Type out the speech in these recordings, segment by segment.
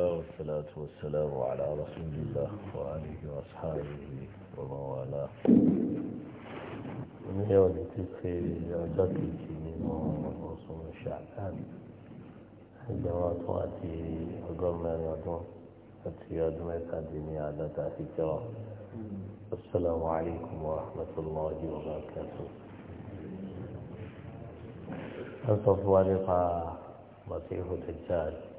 والصلاة والسلام على رسول الله وآله وأصحابه ومن والاه من يوم تدخل عزت الكريم ورسول شعبان عندما تؤتي وقلنا يدون فتياد ميتا ديني على تأتي كرام السلام عليكم ورحمة الله وبركاته أنت لقاء مسيح الدجال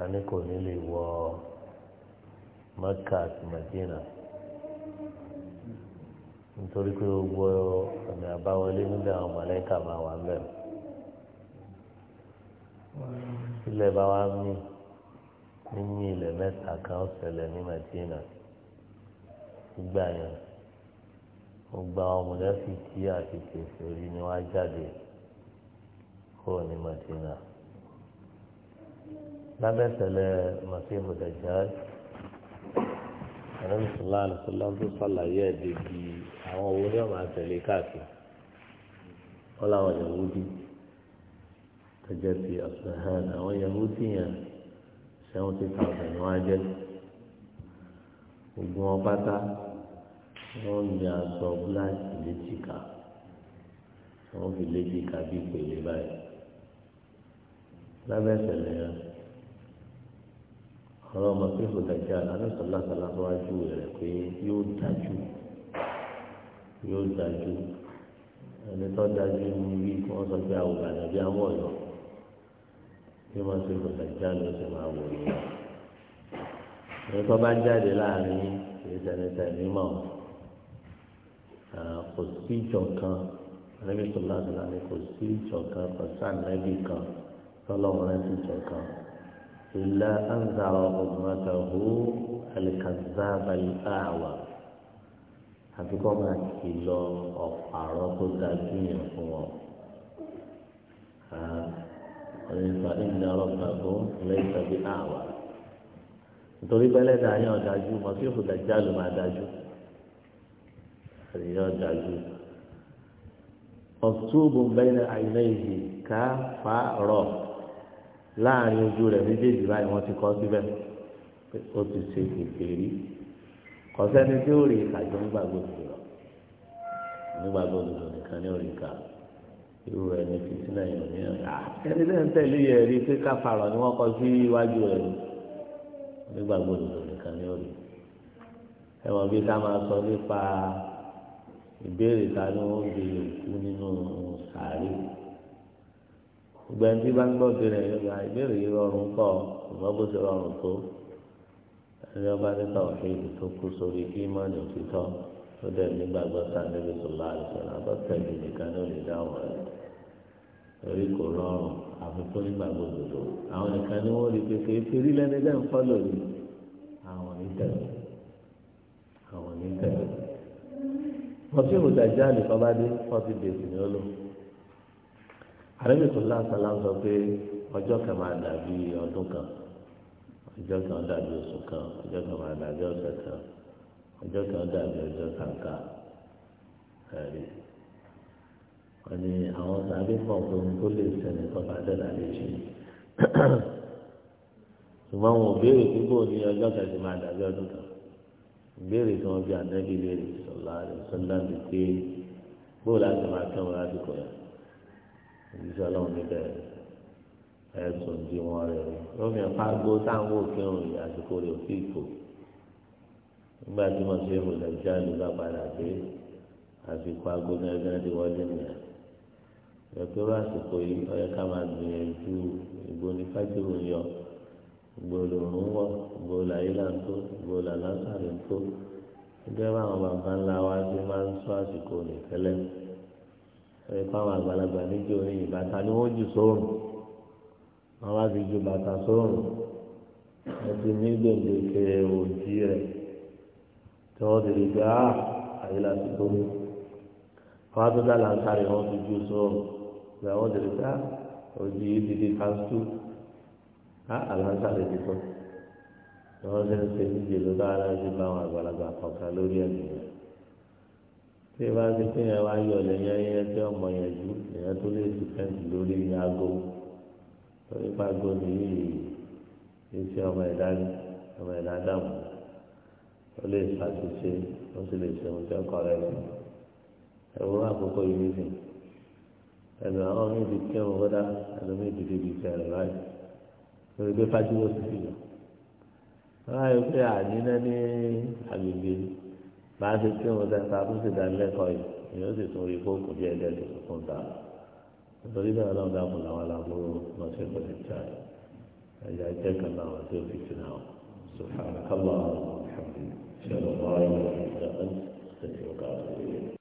a ní kò ní lè wọ Mẹ́kà àti Mẹ́dínà nítorí pé gbogbo ọ̀nà àbáwọlé níbẹ̀ àwọn mọ̀lẹ́kà máa wà mẹ́rin ilẹ̀ bá wá mí níyìn ilẹ̀ mẹ́ta kan ó ṣẹlẹ̀ ní Mẹ́dínà gbígbà yẹn mo gba àwọn mọ̀lẹ́fì àti kèsì orí ni wọ́n á jáde kúrò ní Mẹ́dínà lábẹ́ ìṣẹ̀lẹ̀ masihu dajjal ẹ̀rọ ìṣúná àlùfáà tó sàlàyé ẹ̀dẹ̀ di àwọn owó ní ọ̀mà àtẹ̀lé káàkiri wọ́n làwọn yahudi tó jẹ́ ti ọ̀sán àwọn yahudi yẹn seventy thousand ni wọ́n á jẹ́ gbogbo wọn wọ́n ń lè aṣọ bíláàkì létí wọ́n fi létí bí pèlè báyìí lábẹ́ ya, yẹn ọ̀rọ̀ ọmọ tí kò dájà alẹ́sọ̀lá sàlàtọ́wájú rẹ̀ pé yóò dájú yóò dájú ẹni tó dájú ní bí wọ́n sọ pé àwọn ọ̀gá bí àwọn ọ̀yọ́ bí wọ́n ṣe kò dájà ló ṣe máa wò yìí ẹni tó bá jáde láàrin kìí sẹni sẹni mọ̀ kò sí ìjọ kan alẹ́sọ̀lá sàlàtọ́wájú kò sí ìjọ kan kò sáà nẹ́bì kan tọ́lọ́wọ́n rẹ̀ ti jọ kan ìlà anzara ọ̀gbọ́ntàhó alikazabali àwà àti kọ́ máa kìlọ̀ ọ̀pààrọ̀ tó dájú yẹn fún wọn. ọ̀rẹ́fà ìlà ọ̀gbọ́ntàhó lẹ́yìn tàbí àwà nítorí bẹ́lẹ́ dà yẹn ọ̀dájú mọ̀sífù dàjálù máa dájú àríyá ọ̀dájú ọ̀túbù bẹ́ẹ̀ àìlẹ́yìn ká fa rọ̀ láàrin ojú rẹ̀ méjèèjì báyìí wọ́n ti kọ́ síbẹ̀ pé ó ti ṣe kèké rí kọ́sẹ́ni tí ó rí ìkàjọ nígbàgbọ́ òdodo lọ nígbàgbọ́ òdodo nìkan ní orí ìka irú rẹ̀ ní fìtínà yìí ní ọ̀rẹ́ ẹni lẹ́yìn tẹ̀lé yẹ rí pé káfàrọ̀ ni wọ́n kọ sí iwájú rẹ̀ nígbàgbọ́ òdodo nìkan ní orí ẹ̀wọ̀n bí ká máa sọ nípa ìbéèrè ta ni wọ́n ń béèrè nínú sàárè gbogbo ẹni tí bá ń gbọ́ bí rẹ̀ yọ̀gá ìbéèrè yìí rọrùn kọ́ ọ̀gbọ́n bó ti rọrùn tó ẹni ọba nípa òṣèlú tó kú sórí ímánì òtítọ́ tó dẹ̀ nígbàgbọ́ sànẹ́bí sọ̀lá àìsàn abọ́tẹ̀lì nìkan ló lè dáhùn rẹ̀ torí kò rọrùn àfikún nígbàgbọ́ òdòdó àwọn nìkan ni wọ́n rí pé kì lẹ́ni dẹ́ ń fọ́lọ̀ ni àwọn onítẹ̀lẹ̀ àwọn onítẹ̀lẹ̀ wọ́n fi ìwòsàn jáde kọ́ bá dé fọ́tí dèsì ni ó lò àrẹ́bí tó lásàlá sọ pé ọjọ́ kan máa dàbí ọdún kan ọjọ́ kan dàbí oṣù kan ọjọ́ kan máa dàbí ọ̀sẹ̀ kan ọjọ́ kan dàbí ọjọ́ kàǹkà ẹ̀rí wọ́n ní àwọn sàbí pọ̀ pé ohun tó lè ṣẹlẹ̀ tó bá dẹ̀ dàbí ṣe ṣùgbọ́n wọn ò béèrè pé bóun ní ọjọ́ kan ti máa dàbí ọdún kan ìbéèrè tí wọ́n bí ànábì léèrè sọ̀lá àdìsọ́lá mi pé bóun láti máa kẹ́wọ́n lásìkò yẹn ìṣẹ́ ọlọ́run níbẹ̀ ẹ̀sùn di wọn rẹ̀ lómi ẹ̀ka gbó táwọn òkèrùn àsìkò rẹ̀ òfin ìfò nígbà tí wọ́n ṣe ìmọ̀lẹ̀ jáde bá padà dé àsìkò agbóná ẹgbẹ́ ti wọlé nìyẹn ìrẹ̀pẹ̀rọ àsìkò yìí ọ̀yẹ́ ká máa gbìyànjú ìgbónífàtìrò yọ gbòòlò òun wọ gbòòlò àyílà ń tó gbòòlò àlásàrè ń tó gẹ́gẹ́ bá àwọn bàbá ńlá wa ti máa ń sọ àsìkò nìkẹ́lẹ́ ẹ fáwọn àgbàlagbà níjó ní ìbàtà ni wọ́n jù sóòrùn wọ́n wá fi ju bàtà sóòrùn ẹ ti ní gbèǹdéke òjì rẹ̀ tí wọ́n ti rí gbà á àyè láti tó mú wọ́n tó dá làǹkàrẹ̀ wọ́n fi ju sóòrùn ìgbà wọ́n ti rí gbà á òjì yìí ti di kanṣu á àlàǹkàrẹ̀ ti tó wọ́n ti ń ṣe níjèlú dáadáa ti bá àwọn àgbàlagbà kọ̀ọ̀kan lórí ẹ̀ nìyẹn tí ìbá ti pín yẹn wá yọ lẹ́yìn ẹyẹ tí ọmọ yẹn jù ìyẹn tó lè fi kẹ́ǹtì lórí aago torí pàgọ́ nìyí iṣẹ́ ọmọ ẹ̀dá ọmọ ẹ̀dá dàmú ó lè ṣàṣìṣe ó sì lè ṣe ohun tí ọkọ rẹ lọ ẹ̀wọ́n àkókò yìí nìsín ẹnu àwọn míì ti kí ọmọ kọ́dá ẹnu míì ti di ìfẹ́ rẹ̀ báyìí lórí pé fájú ó sì fi lọ. pé àní náà ní agbègbè yìí bá a ṣe kí wọn dá ta tó sì dá lẹ́kọ̀ọ́ yìí èyí ó sì tún rí fóònù bí ẹ̀dẹ́ tó kún ta nítorí bẹ́ẹ̀ náà dákun làwọn aláboró lọ sí ẹ̀kọ́ ti ta ẹ̀yà jẹ́ kan láwọn tí ó fi ti náà sùfàkàlà ọ̀hún ṣẹlẹ̀ ọ̀hún ṣẹlẹ̀ ọ̀hún ṣẹlẹ̀ ọ̀hún